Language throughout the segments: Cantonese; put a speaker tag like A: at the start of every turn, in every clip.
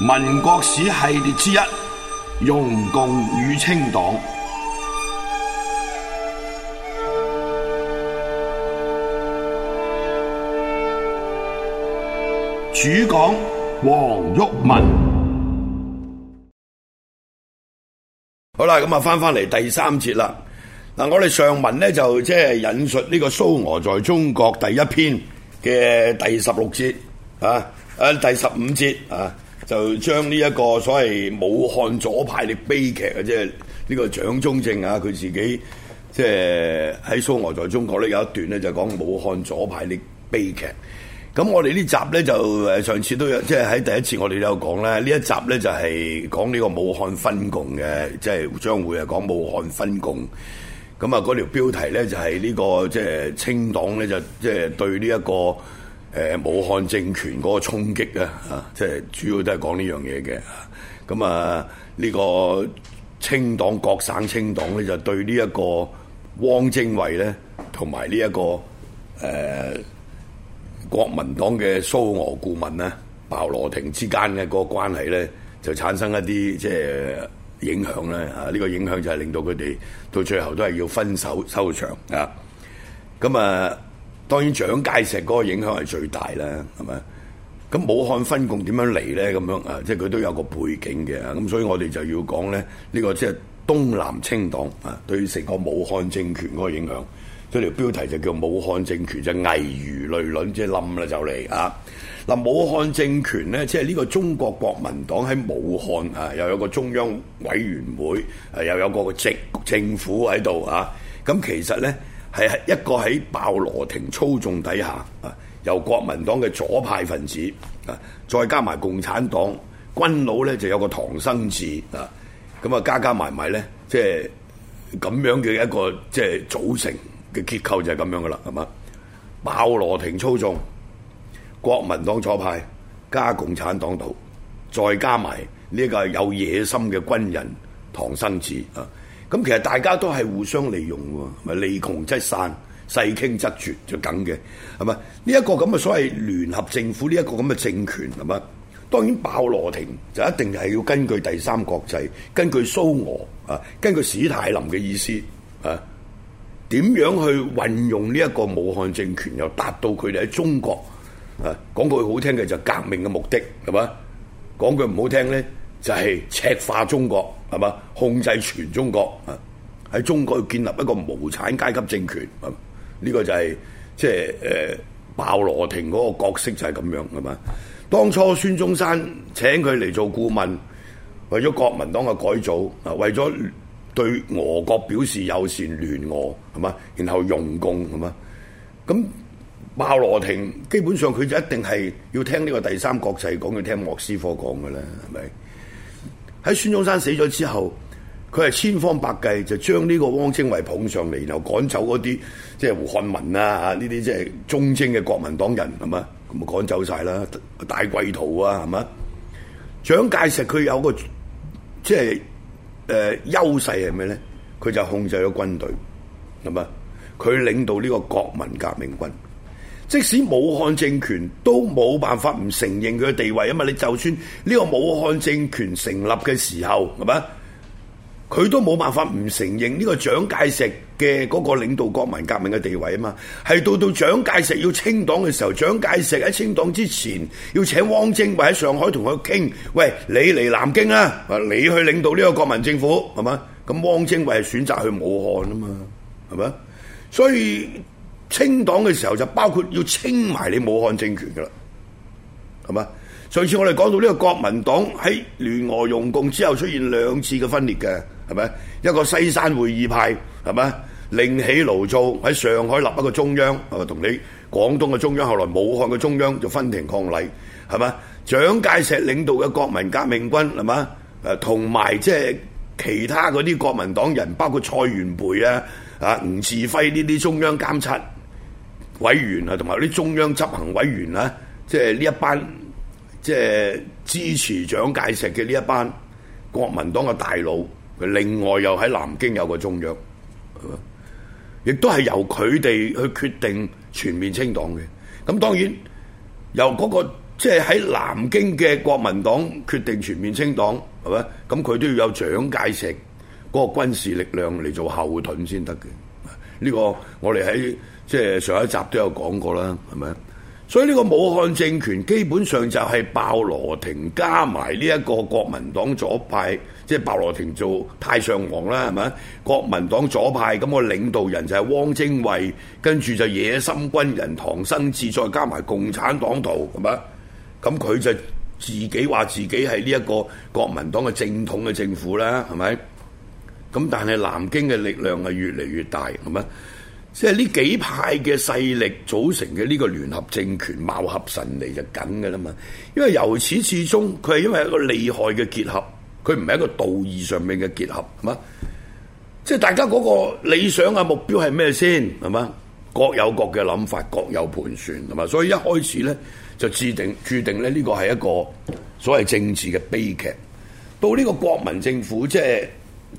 A: 民國史系列之一，容共與清黨。 主講黃毓民。好啦，咁啊，翻返嚟第三節啦。嗱，我哋上文咧就即係引述呢個蘇俄在中國第一篇嘅第十六節啊，誒，第十五節啊。就將呢一個所謂武漢左派嘅悲劇啊，即係呢個蔣中正啊，佢自己即係喺蘇俄，在中國咧有一段咧就講武漢左派嘅悲劇。咁我哋呢集咧就誒上次都有，即係喺第一次我哋都有講咧。呢一集咧就係講呢個武漢分共嘅，即、就、係、是、將會係講武漢分共。咁啊，嗰條標題咧就係呢個即係清黨咧就即係對呢一個，就是誒武漢政權嗰個衝擊咧、啊，即係主要都係講呢樣嘢嘅。咁啊，呢、這個清黨各省清黨咧，就對呢一個汪精衛咧，同埋呢一個誒、啊、國民黨嘅蘇俄顧問咧，鮑羅廷之間嘅個關係咧，就產生一啲即係影響咧。啊，呢、這個影響就係令到佢哋到最後都係要分手收場啊。咁啊～當然蔣介石嗰個影響係最大啦，係咪？咁武漢分共點樣嚟咧？咁樣啊，即係佢都有個背景嘅。咁、啊、所以我哋就要講咧，呢、呢個即係東南清黨啊，對成個武漢政權嗰個影響。所以條標題就叫武漢政權就危如累卵，即係冧啦就嚟、是、啊！嗱、啊，武漢政權咧，即係呢個中國國民黨喺武漢啊，又有一個中央委員會，啊、又有個政府喺度啊。咁、啊、其實咧。係一個喺鮑羅廷操縱底下啊，由國民黨嘅左派分子啊，再加埋共產黨軍佬咧就有個唐生智啊，咁啊加加埋埋咧，即係咁樣嘅一個即係、就是、組成嘅結構就係咁樣噶啦，係嘛？鮑羅廷操縱國民黨左派加共產黨黨，再加埋呢一個有野心嘅軍人唐生智啊。咁其實大家都係互相利用喎，咪利窮則散，勢傾則絕就咁嘅，係咪？呢、這、一個咁嘅所謂聯合政府，呢一個咁嘅政權，係咪？當然，鮑羅廷就一定係要根據第三國際，根據蘇俄啊，根據史太林嘅意思啊，點樣去運用呢一個武漢政權，又達到佢哋喺中國啊講句好聽嘅就革命嘅目的，係咪？講句唔好聽咧，就係、是、赤化中國。係嘛？控制全中國啊！喺中國要建立一個無產階級政權啊！呢個就係即係誒，鮑羅廷嗰個角色就係咁樣係嘛。當初孫中山請佢嚟做顧問，為咗國民黨嘅改組啊，為咗對俄國表示友善聯俄係嘛，然後容共係嘛。咁鮑羅廷基本上佢就一定係要聽呢個第三國際講，要聽莫斯科講嘅啦，係咪？喺孫中山死咗之後，佢係千方百計就將呢個汪精衛捧上嚟，然後趕走嗰啲即係胡漢民啊，呢啲即係忠貞嘅國民黨人，係嘛，咁啊趕走晒啦，大貴徒啊，係嘛，蔣介石佢有個即係誒、呃、優勢係咩咧？佢就控制咗軍隊，係嘛，佢領導呢個國民革命軍。即使武漢政權都冇辦法唔承認佢嘅地位啊嘛！因為你就算呢個武漢政權成立嘅時候係咪？佢都冇辦法唔承認呢個蔣介石嘅嗰個領導國民革命嘅地位啊嘛！係到到蔣介石要清黨嘅時候，蔣介石喺清黨之前要請汪精衛喺上海同佢傾，喂，你嚟南京啦，啊你去領導呢個國民政府係嘛？咁汪精衛係選擇去武漢啊嘛，係咪？所以。清黨嘅時候就包括要清埋你武漢政權噶啦，係嘛？上次我哋講到呢個國民黨喺聯俄容共，共之後出現兩次嘅分裂嘅，係咪？一個西山會議派，係嘛？另起爐灶喺上海立一個中央，同、啊、你廣東嘅中央，後來武漢嘅中央就分庭抗禮，係嘛？蔣介石領導嘅國民革命軍，係嘛？誒、啊，同埋即係其他嗰啲國民黨人，包括蔡元培啊、啊吳稚輝呢啲中央監察委員啊，同埋啲中央執行委員咧，即係呢一班，即係支持蔣介石嘅呢一班國民黨嘅大佬。另外又喺南京有個中央，係嘛，亦都係由佢哋去決定全面清黨嘅。咁當然由嗰個即係喺南京嘅國民黨決定全面清黨，係咪？咁佢都要有蔣介石嗰個軍事力量嚟做後盾先得嘅。呢個我哋喺即係上一集都有講過啦，係咪？所以呢個武漢政權基本上就係鮑羅廷加埋呢一個國民黨左派，即係鮑羅廷做太上皇啦，係咪？國民黨左派咁個領導人就係汪精衛，跟住就野心軍人唐生智，再加埋共產黨徒，係咪？咁佢就自己話自己係呢一個國民黨嘅正統嘅政府啦，係咪？咁但係南京嘅力量係越嚟越大，係咪？即係呢幾派嘅勢力組成嘅呢個聯合政權貌合神離就梗嘅啦嘛，因為由始至終佢係因為一個利害嘅結合，佢唔係一個道義上面嘅結合，係嘛？即係大家嗰個理想啊，目標係咩先？係嘛？各有各嘅諗法，各有盤算，係嘛？所以一開始咧就注定注定咧呢個係一個所謂政治嘅悲劇，到呢個國民政府即係。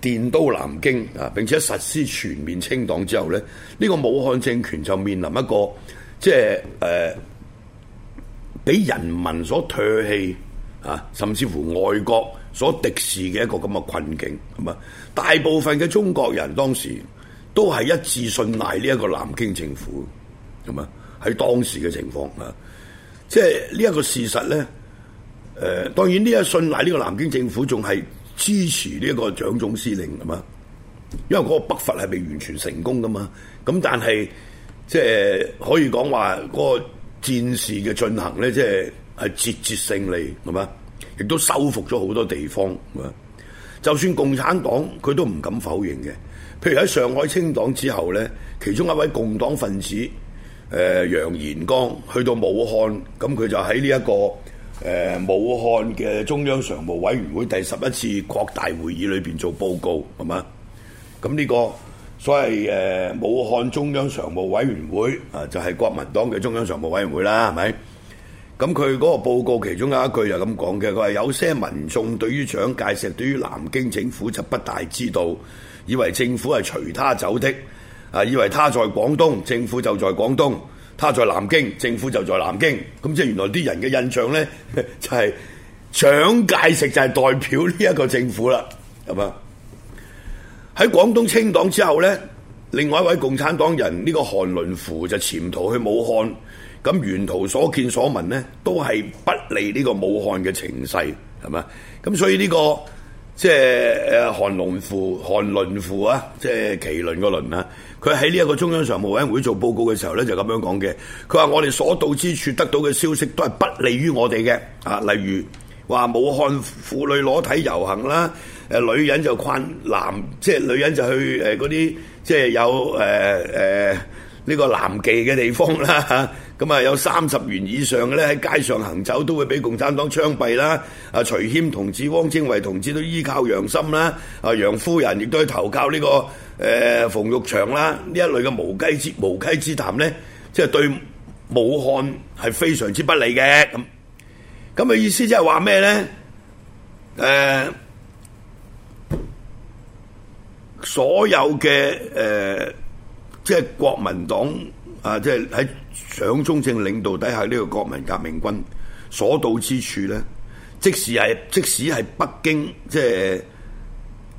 A: 電刀南京啊，並且實施全面清黨之後咧，呢、這個武漢政權就面臨一個即係誒，俾、呃、人民所唾棄啊，甚至乎外國所敵視嘅一個咁嘅困境。咁啊，大部分嘅中國人當時都係一致信賴呢一個南京政府，咁啊喺當時嘅情況啊，即係呢一個事實咧。誒、呃，當然呢一信賴呢個南京政府，仲係。支持呢一個蔣總司令係嘛？因為嗰個北伐係未完全成功噶嘛，咁但係即係可以講話嗰個戰事嘅進行呢，即係係節節勝利係嘛，亦都收復咗好多地方。係嘛，就算共產黨佢都唔敢否認嘅，譬如喺上海清黨之後呢，其中一位共黨分子誒、呃、楊延江，去到武漢，咁佢就喺呢一個武漢嘅中央常務委員會第十一次擴大會議裏邊做報告係嘛？咁呢個所謂、呃、武漢中央常務委員會啊，就係、是、國民黨嘅中央常務委員會啦，係咪？咁佢嗰個報告其中有一句就咁講嘅，佢話有些民眾對於蔣介石對於南京政府就不大知道，以為政府係隨他走的，啊以為他在廣東，政府就在廣東。他在南京，政府就在南京，咁即係原來啲人嘅印象呢，就係、是、蔣介石就係代表呢一個政府啦，係嘛？喺廣東清黨之後呢，另外一位共產黨人呢、這個韓麟符就潛逃去武漢，咁沿途所見所聞呢，都係不利呢個武漢嘅情勢，係嘛？咁所以呢、這個。即係韓龍符、韓麟符啊，即係麒麟個麟啊。佢喺呢一個中央常務委員會做報告嘅時候咧，就咁樣講嘅。佢話：我哋所到之處得到嘅消息都係不利於我哋嘅。啊，例如話武漢婦女裸體遊行啦，誒、呃、女人就困男，即係女人就去誒嗰啲即係有誒誒呢個男妓嘅地方啦。呵呵咁啊，有三十元以上嘅咧喺街上行走，都會俾共產黨槍斃啦！阿徐謙同志、汪精衛同志都依靠楊森啦，阿楊夫人亦都係投靠呢、呢個誒、呃、馮玉祥啦，呢一類嘅無稽之無稽之談咧，即係對武漢係非常之不利嘅咁。咁嘅意思即係話咩咧？誒、呃，所有嘅誒、呃，即係國民黨啊，即係喺。蔣中正領導底下呢個國民革命軍所到之處咧，即使係即使係北京即係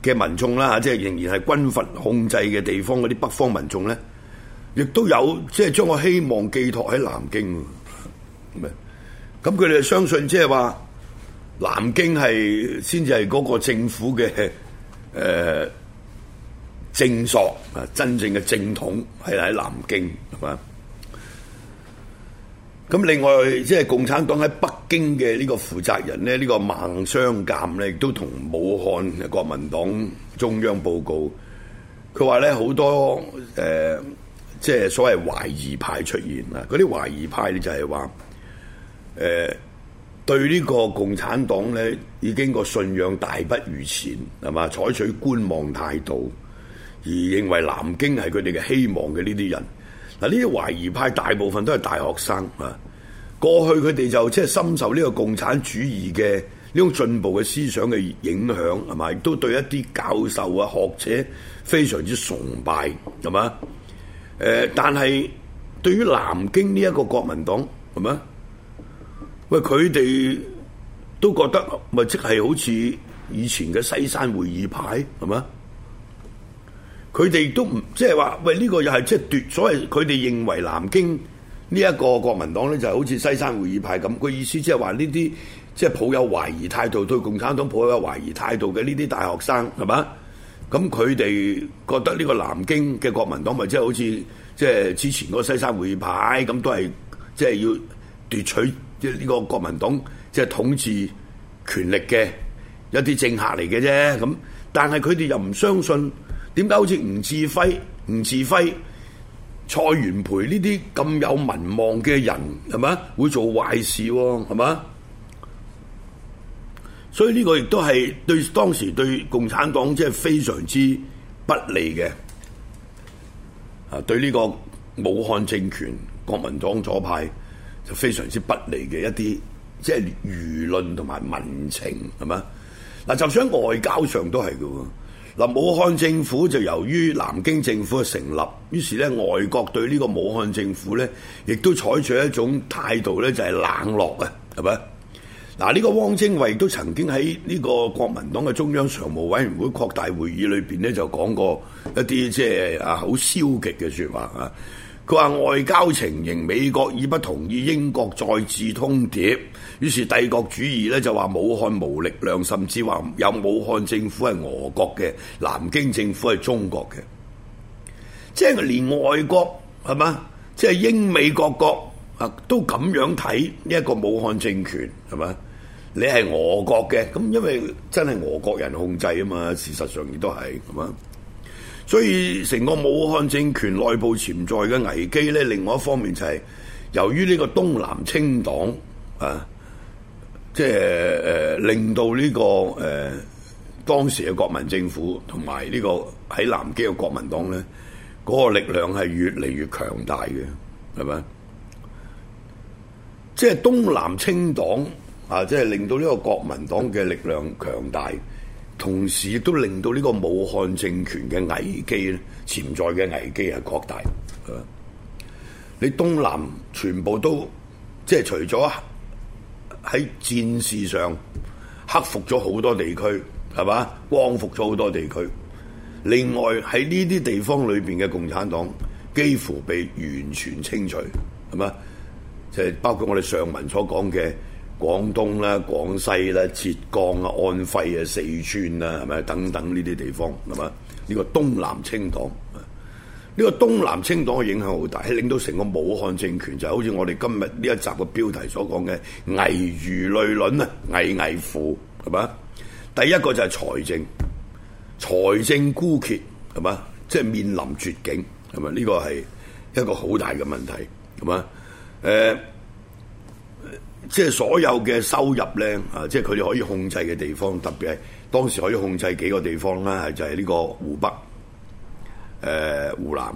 A: 嘅民眾啦，即係仍然係軍閥控制嘅地方嗰啲北方民眾咧，亦都有即係將個希望寄託喺南京。咁佢哋相信即係話南京係先至係嗰個政府嘅誒正朔啊，真正嘅正統係喺南京係嘛。咁另外，即係共產黨喺北京嘅呢個負責人呢，呢、呢個孟商鑒咧，亦都同武漢嘅國民黨中央報告，佢話咧好多誒即係所謂懷疑派出現啊，啲懷疑派咧就係話誒對呢個共產黨咧已經個信仰，大不如前，係嘛？採取觀望態度，而認為南京係佢哋嘅希望嘅呢啲人。嗱，呢啲懷疑派大部分都係大學生啊，過去佢哋就即係、就是、深受呢個共產主義嘅呢種進步嘅思想嘅影響，係咪？都對一啲教授啊、學者非常之崇拜係嘛？誒、呃，但係對於南京呢一個國民黨係嘛？喂，佢哋都覺得咪即係好似以前嘅西山會議派係嘛？佢哋都唔即係話，喂，呢個又係即係奪，所以佢哋認為南京呢一個國民黨咧就係好似西山會議派咁，個意思即係話呢啲即係抱有懷疑態度對共產黨抱有懷疑態度嘅呢啲大學生係嘛？咁佢哋覺得呢個南京嘅國民黨咪即係好似即係之前嗰個西山會議派咁，都係即係要奪取呢個國民黨即係統治權力嘅一啲政客嚟嘅啫。咁但係佢哋又唔相信。點解好似吳稚暉、吳稚暉、蔡元培呢啲咁有民望嘅人，係咪會做壞事？係咪？所以呢個亦都係對當時對共產黨即係非常之不利嘅。啊，對呢個武漢政權、國民黨左派就非常之不利嘅一啲，即係輿論同埋民情，係咪？嗱，就算外交上都係嘅。嗱，武漢政府就由於南京政府嘅成立，於是咧外國對呢個武漢政府咧，亦都採取一種態度咧，就係冷落啊，係咪？嗱，呢個汪精衛都曾經喺呢個國民黨嘅中央常務委員會擴大會議裏邊咧，就講過一啲即係啊好消極嘅説話啊。佢話外交情形，美國已不同意英國再次通牒，於是帝國主義咧就話武漢無力量，甚至話有武漢政府係俄國嘅，南京政府係中國嘅，即係連外國係嘛，即係英美各國啊都咁樣睇呢一個武漢政權係嘛？你係俄國嘅，咁因為真係俄國人控制啊嘛，事實上亦都係咁啊。所以成個武漢政權內部潛在嘅危機呢，另外一方面就係由於呢個東南清黨啊，即係誒令到呢個誒當時嘅國民政府同埋呢個喺南京嘅國民黨呢，嗰個力量係越嚟越強大嘅，係咪？即係東南清黨啊，即係令到呢個國民黨嘅力量強大。同時亦都令到呢個武漢政權嘅危機咧，潛在嘅危機係擴大。你東南全部都即係除咗喺戰事上克服咗好多地區，係嘛？光復咗好多地區，另外喺呢啲地方裏邊嘅共產黨幾乎被完全清除，係嘛？即係包括我哋上文所講嘅。廣東啦、啊、廣西啦、啊、浙江啊、安徽啊、四川啊，係咪等等呢啲地方咁啊？呢、這個東南清黨，呢、這個東南青黨嘅影響好大，係令到成個武漢政權，就是、好似我哋今日呢一集嘅標題所講嘅危如累卵啊，危危乎係嘛？第一個就係財政，財政枯竭係嘛？即係、就是、面臨絕境係咪？呢、這個係一個好大嘅問題，係嘛？誒、呃。即係所有嘅收入咧，啊，即係佢哋可以控制嘅地方，特別係當時可以控制幾個地方啦，就係、係、呢個湖北、誒、呃、湖南，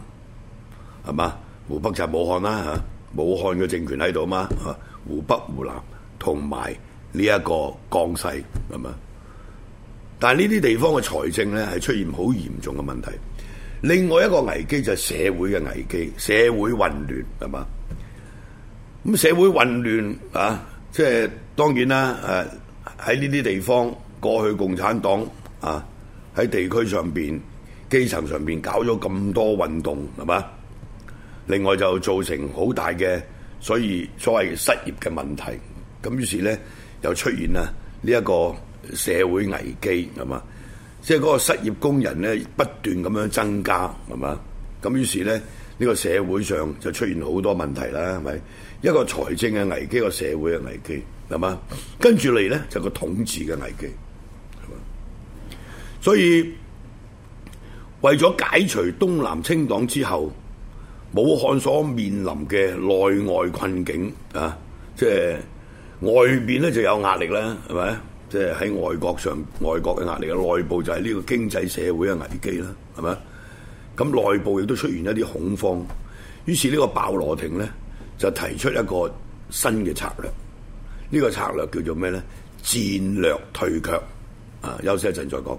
A: 係嘛？湖北就係武漢啦，嚇、啊，武漢嘅政權喺度嘛，嚇、啊，湖北、湖南同埋呢一個江西，係嘛？但係呢啲地方嘅財政咧，係出現好嚴重嘅問題。另外一個危機就係社會嘅危機，社會混亂，係嘛？咁社會混亂啊！即係當然啦，誒喺呢啲地方過去，共產黨啊，喺地區上邊、基層上邊搞咗咁多運動，係嘛？另外就造成好大嘅所以所謂失業嘅問題。咁於是咧，又出現喇呢一個社會危機，係嘛？即係嗰個失業工人咧，不斷咁樣增加，係嘛？咁於是咧。呢個社會上就出現好多問題啦，係咪一個財政嘅危機，一個社會嘅危機，係嘛？跟住嚟咧就係個統治嘅危機，係嘛？所以為咗解除東南清黨之後武漢所面臨嘅內外困境啊，即係外邊咧就有壓力啦，係咪？即係喺外國上外國嘅壓力，嘅內部就係呢個經濟社會嘅危機啦，係咪？咁內部亦都出現一啲恐慌，於是呢個鮑羅廷咧就提出一個新嘅策略，呢個策略叫做咩咧？戰略退卻啊，休息一陣再講。